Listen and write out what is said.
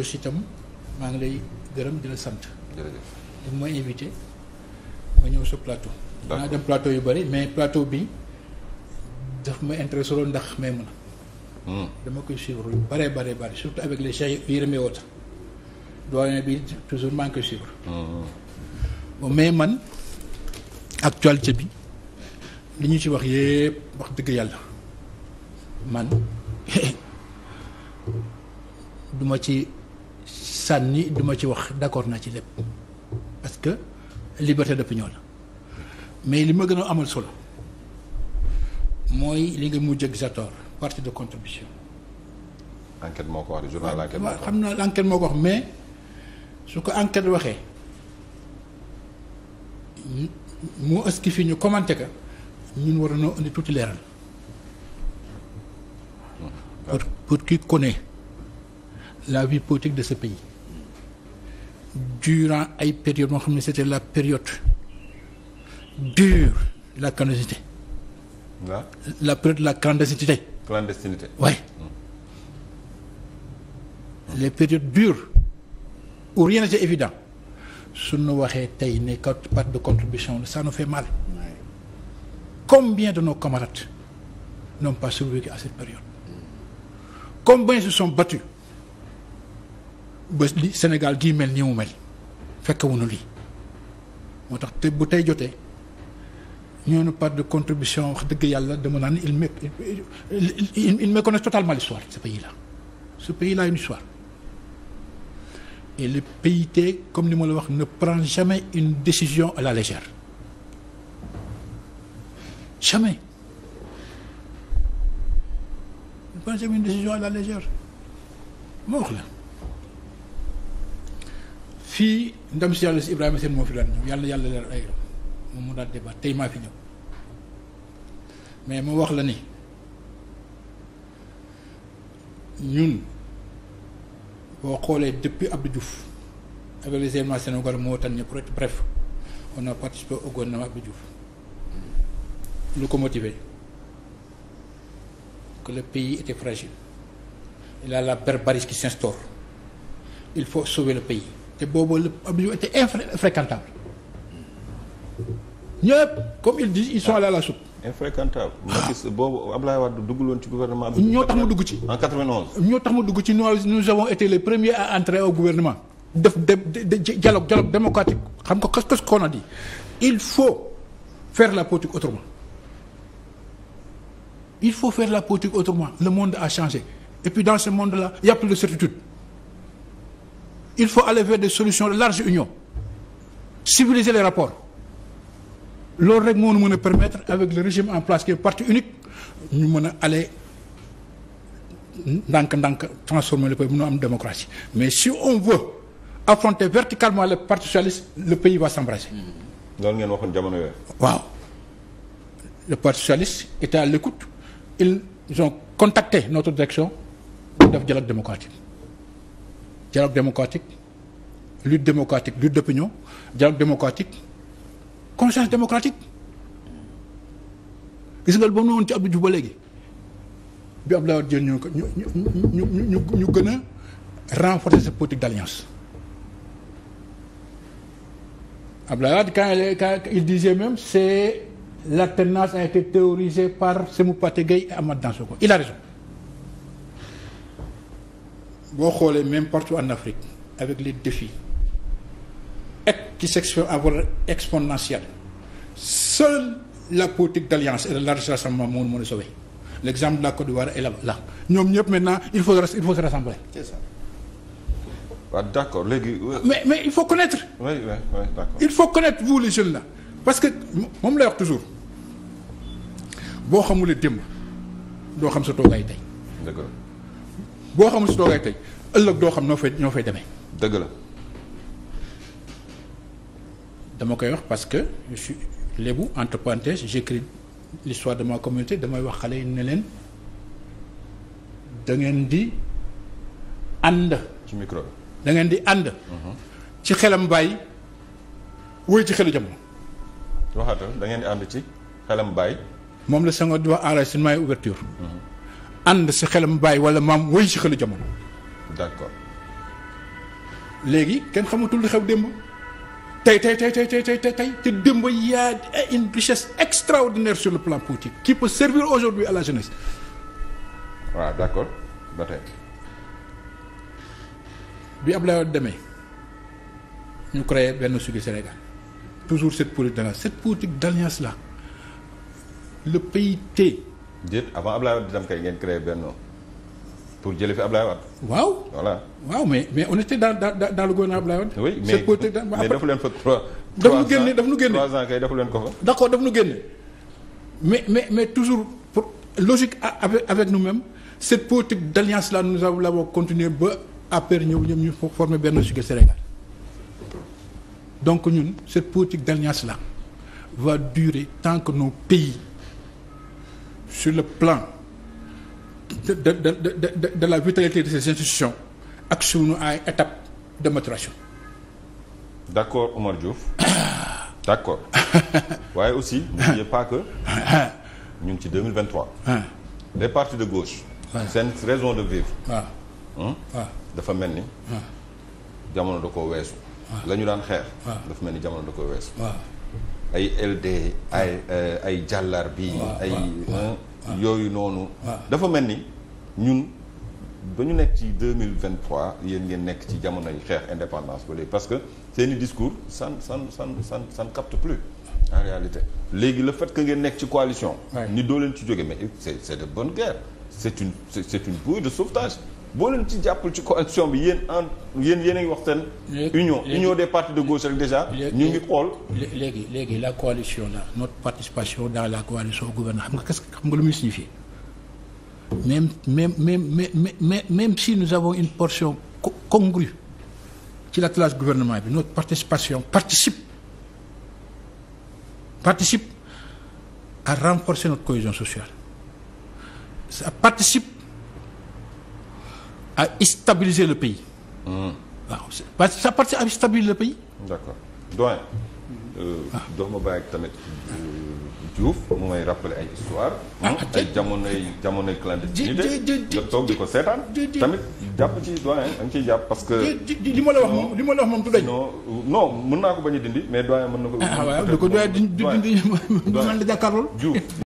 aussi itam maa ngi lay gërëm di sant. jërëjëf li ma invité ma ñëw sa plateau. naa dem plateau yu bëri mais plateau bi daf ma intéressé loolu ndax may mën a. Hmm. dama koy suivre lu bari bëri surtout avec les Cheikh Yérim Wota doyen bi toujours maa ngi koy suivre. Hmm. mais man actualité bi li ñu ci wax yëpp wax dëgg yàlla man duma ci. sànni duma ci wax d'accord naa ci lépp parce que liberté d'opinion la mais li ma gën a amal solo mooy li nga mujj ak Zator partie de contribution. enquête moo ko wax journal enquête moo ko wax naa enquête moo ko wax mais su ko enquête waxee mu ëski fi ñu commenté ka ñun war nañoo indi tuuti leeral. pour pour qui connaît la vie politique de sa pays. durant ay période moo xam ne c'était la période dure de la clandestinité. waaw la période de la clandestinité. clandestinité waaye. Hmm. les périodes dures où rien n'était évident suñu waxee tey ne kat part de contribution ça nous fait mal. combien de nos camarades n'ont pas survécu à cette période. Hmm. combien se sont battus. ba li Sénégal gii mel nii mu mel fekkewuñu lii moo tax te bu tey jotee ñooñu part de contribution wax dëgg yàlla dama naan il me il méconnaissent totalement l'histoire ce pays là ce pays là une histoire et le PIT comme ni ma la wax ne prend jamais une décision à la légère jamais ne prend jamais une décision à la légère moo wax la fii ndam si yàlla si Ibrahima seen moo fi daan ñëw yàlla yàlla leer ay moom mu daan débat tey maa fi ñëw mais moo wax la ni ñun boo xoolee depuis Abdou juf avec les éléments sénégalais moo tan ñëpp rek bref on a participé au gouvernement Abdou Diouf lu ko motivé que le pays était fragile il la a la barbarie qui s'instaure il faut sauver la pays te boobu la Abdou Diouf était infréquentable ñëpp comme ils disent ils sont allés à la soupe. infréquentable. Ah. Macky boobu Abdoulaye Wade duggul woon ci gouvernement. ñoo tax mu dugg ci. en 91. ñoo tax mu dugg ci nous nous avons été les premiers à entrer au gouvernement. def de dialogue dialogue démocratique xam nga qu'est-ce qu'on il faut faire la politique autrement il faut faire la politique autrement le monde a changé et puis dans ce monde là il y certitude. il faut aller vers des solutions de large union civiliser les rapports loolu rek moo nu mën a permettre avec le régime en place qui est parti unique ñu mën a aller ndànk ndank transformer le pays mën am démocratie mais si on veut affronter verticalement le parti socialiste le pays va s'embraser. Mmh. loolu ngeen waxoon jamono waaw le parti socialiste était à l'écoute ils ont contacté notre direction def dialogue démocratique. dialogue démocratique lutte démocratique lutte d'opinion dialogue démocratique conscience démocratique gis nga ba mu woon ci Abdou Diouf ba bi Abdoulaye Wade jël ñu ñu ñu ñu ñu gën a renforcer cette politique d'alliance Abdoulaye Wade quand il quand il disait même c'est l'alternance a été théorisée par Sémou Paté Gueye et Amath Dansokho il a raison. boo xoolee même partout en Afrique avec les défis et qui s'expriment à vol exponentiel seule la politique d'alliance et de large rassemblement moo mën a sauver l'exemple de la Côte d'Ivoire est là là ñoom ñëpp maintenant il faut il faut se rassembler. c'est ça waaw ah, d'accord léegi. mais mais il faut connaître. il faut connaître vous les jeunes là parce que moom lay wax toujours boo xamulee démb doo xam sa toogaay tey. boo xamul si toogay tey ëllëg doo xam noo fay ñoo fay demee. dëgg la. dama koy wax parce que je suis lébu entre parenthèses j'écris de ma communauté damay wax xale yi ne leen da ngeen di ànd. ci micro mhm. da ngeen di ànd. ci xelam bàyyi wóoy ci xelu jamono. waxaata da ngeen di ànd ci xelam bàyyi. moom la Senghor di wax enregistrement et ouverture. Mhm. ànd si xelam bàyyi wala maam wëy si xelu jamono. d'accord. léegi kenn xamatul li xew démb. tey tey tey tey tey tey tey te démb y a une richesse extraordinaire sur le plan politique qui peut servir aujourd'hui à la jeunesse. waaw ah, d'accord ba tey. bi ab la demee ñu créé benn sugi Sénégal toujours cette politique là cette politique d'alliance là le pays déet avant Ablaye Wade itam kay ngeen créé Benno pour jëlee fi Ablaye Wade. waaw voilà. waaw mais mais on était dans dans dans le gouvernement Ablaye Wade. oui mais mais dafa leen fa daf nu génne daf nu génne trois leen ko fa. d' accord daf nu génne mais mais mais toujours pour logique avec avec nous-mêmes cette politique d' alliance là nous avons l'avons continué ba après ñëw ñoom ñu former Benno Siggil Sénégal donc ñun cette politique d' alliance là va durer tant que nos pays. sur le plan de de de de la vitalité de ces institutions ak suñu ay étape de maturation. d' accord Omar Diouf. d' waaye aussi. n'oubliez pas que ñu ngi ci 2023. Ah. les partis de gauche. Ah. seen raison de vivre. waaw ah. dafa mel ni. jamono da ko weesu. la ñu daan xeex. dafa mel ni jamono da koo weesu. ay LD ay euh, ay jàllar bi ay euh, yooyu noonu dafa mel ni ñun ba ñu nekk ci deux mille vingt trois yéen ngeen nekk ci jamono yi xeex indépendance ba léegi parce que seeni discours san san san san san capte plus en réalité léegi le fait que ngeen nekk ci coalition ni doo leen ci jóge mais c'est c'est de bonne guerre c'est une c'est une bouée de sauvetage boo leen ci jàppul ci coalition bi yéen en yéen yéen a ngi waxtaan union union des partis de gauche rek déjà ñu ngi xool léegi léegi la coalition la notre participation dans la coalition au gouvernement xam nga quest que xam nga lu muy signifier même même même même même si nous avons une portion congrue ci la classe gouvernement bi notre participation participe participe à renforcer notre cohésion sociale ça participe à stabiliser le pays. Hmm. waaw parce que ça participe à stabiliser le pays. d'accord doyen. Euh, ah. doo ma bàyyi ak tamit euh, Diouf mu may rappeler ay histoire ah, hmm? ay jamonoy jamonoy clandestinité nga toog di ko seetaan tamit jàpp ci doyen da nga ciy jàpp parce que li ma la wax moom li ma la wax moom du dañ non non mën naa ko bañ a dindi mais doyen mën na ko ah, waaw da ko doyen dindi la jàkkaarlool Diouf